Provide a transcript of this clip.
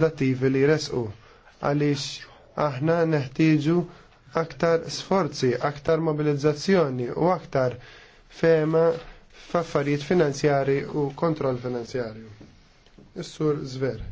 relativi li resqu għaliex aħna neħtieġu aktar sforzi, aktar mobilizzazzjoni u aktar fema f'affarijiet finanzjari u kontroll finanzjarju. Is-sur Zver.